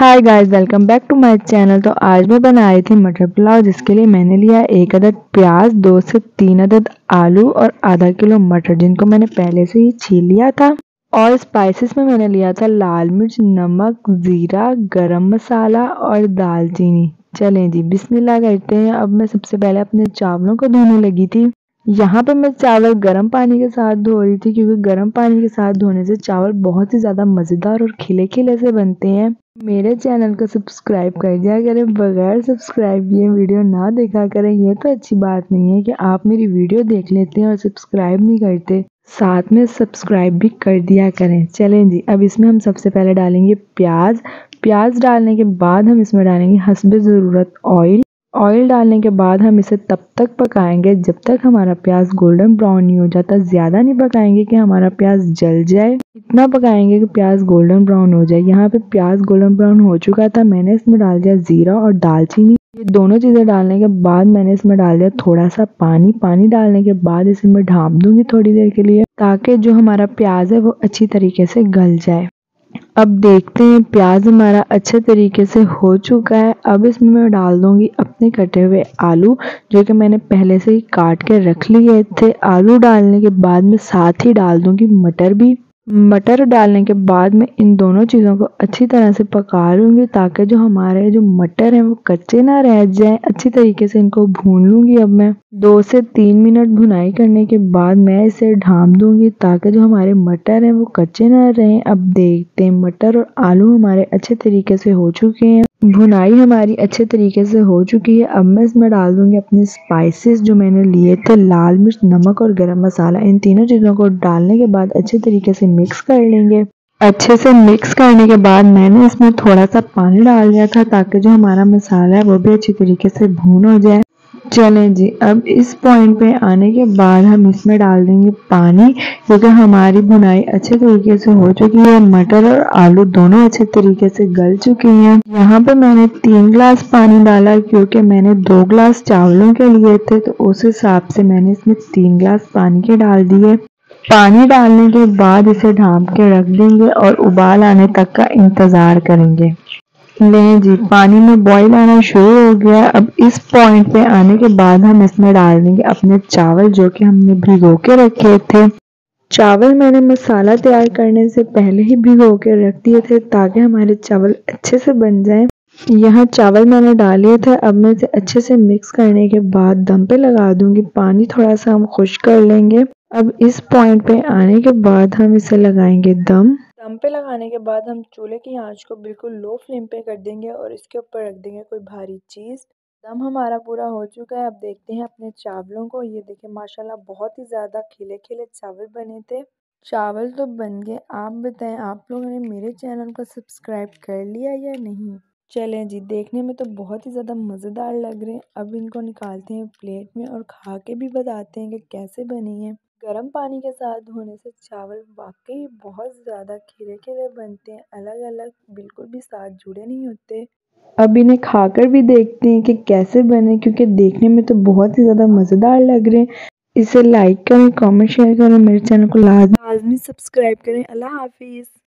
hi guys welcome back to my channel तो आज मैं बना रही थी मटर पुलाव जिसके लिए मैंने लिया एक अदद प्याज दो से तीन अदद आलू और आधा किलो मटर जिनको मैंने पहले से ही छील लिया था और स्पाइसेस में मैंने लिया था लाल मिर्च नमक ज़ीरा गरम मसाला और दालचीनी चलें जी बिस्मिल्लाह करते हैं अब मैं सबसे पहले अपने चावलों को धोने लगी थी यहाँ पे मैं चावल गर्म पानी के साथ धो रही थी क्योंकि गर्म पानी के साथ धोने से चावल बहुत ही ज़्यादा मज़ेदार और खिले खिले से बनते हैं मेरे चैनल को सब्सक्राइब कर दिया करें बगैर सब्सक्राइब ये वीडियो ना देखा करें ये तो अच्छी बात नहीं है कि आप मेरी वीडियो देख लेते हैं और सब्सक्राइब नहीं करते साथ में सब्सक्राइब भी कर दिया करें चलें जी अब इसमें हम सबसे पहले डालेंगे प्याज प्याज डालने के बाद हम इसमें डालेंगे हसब ज़रूरत ऑयल ऑयल डालने के बाद हम इसे तब तक पकाएंगे जब तक हमारा प्याज गोल्डन ब्राउन नहीं हो जाता ज़्यादा नहीं पकाएंगे कि हमारा प्याज जल जाए इतना पकाएंगे कि प्याज गोल्डन ब्राउन हो जाए यहाँ पे प्याज गोल्डन ब्राउन हो चुका था मैंने इसमें डाल दिया ज़ीरा और दालचीनी ये दोनों चीज़ें डालने के बाद मैंने इसमें डाल दिया थोड़ा सा पानी पानी डालने के बाद इसे मैं ढाँप दूँगी थोड़ी देर के लिए ताकि जो हमारा प्याज है वो अच्छी तरीके से गल जाए अब देखते हैं प्याज हमारा अच्छे तरीके से हो चुका है अब इसमें मैं डाल दूंगी अपने कटे हुए आलू जो कि मैंने पहले से ही काट के रख लिए थे आलू डालने के बाद में साथ ही डाल दूंगी मटर भी मटर डालने के बाद मैं इन दोनों चीज़ों को अच्छी तरह से पका लूँगी ताकि जो हमारे जो मटर हैं वो कच्चे ना रह जाएं अच्छी तरीके से इनको भून लूँगी अब मैं दो से तीन मिनट भुनाई करने के बाद मैं इसे ढाम दूँगी ताकि जो हमारे मटर हैं वो कच्चे ना रहें अब देखते हैं मटर और आलू हमारे अच्छे तरीके से हो चुके हैं भुनाई हमारी अच्छे तरीके से हो चुकी है अब मैं इसमें डाल दूंगी अपने स्पाइसेस जो मैंने लिए थे लाल मिर्च नमक और गरम मसाला इन तीनों चीज़ों को डालने के बाद अच्छे तरीके से मिक्स कर लेंगे अच्छे से मिक्स करने के बाद मैंने इसमें थोड़ा सा पानी डाल दिया था ताकि जो हमारा मसाला है वो भी अच्छी तरीके से भून हो जाए चलें जी अब इस पॉइंट पे आने के बाद हम इसमें डाल देंगे पानी क्योंकि हमारी बुनाई अच्छे तरीके से हो चुकी है मटर और आलू दोनों अच्छे तरीके से गल चुके हैं यहाँ पे मैंने तीन ग्लास पानी डाला क्योंकि मैंने दो ग्लास चावलों के लिए थे तो उस हिसाब से मैंने इसमें तीन ग्लास पानी के डाल दिए पानी डालने के बाद इसे ढांप के रख देंगे और उबाल आने तक का इंतज़ार करेंगे ले जी पानी में बॉईल आना शुरू हो गया अब इस पॉइंट पे आने के बाद हम इसमें डाल देंगे अपने चावल जो कि हमने भिगो के रखे थे चावल मैंने मसाला तैयार करने से पहले ही भिगो के रख दिए थे ताकि हमारे चावल अच्छे से बन जाएं यहाँ चावल मैंने डाले थे अब मैं इसे अच्छे से मिक्स करने के बाद दम पे लगा दूंगी पानी थोड़ा सा हम खुश कर लेंगे अब इस पॉइंट पे आने के बाद हम इसे लगाएंगे दम दम पे लगाने के बाद हम चूल्हे की आंच को बिल्कुल लो फ्लेम पे कर देंगे और इसके ऊपर रख देंगे कोई भारी चीज़ दम हमारा पूरा हो चुका है अब देखते हैं अपने चावलों को ये देखे माशाला बहुत ही ज़्यादा खिले खिले चावल बने थे चावल तो बन गए आप बताएं आप लोगों ने मेरे चैनल को सब्सक्राइब कर लिया या नहीं चलें जी देखने में तो बहुत ही ज़्यादा मज़ेदार लग रहे हैं अब इनको निकालते हैं प्लेट में और खा के भी बताते हैं कि कैसे बनी है गर्म पानी के साथ धोने से चावल वाकई बहुत ज़्यादा खिले खिले बनते हैं अलग अलग बिल्कुल भी साथ जुड़े नहीं होते अब इन्हें खाकर भी देखते हैं कि कैसे बने क्योंकि देखने में तो बहुत ही ज़्यादा मज़ेदार लग रहे हैं इसे लाइक करें कमेंट शेयर करें मेरे चैनल को लाजमी सब्सक्राइब करें अल्लाह हाफिज़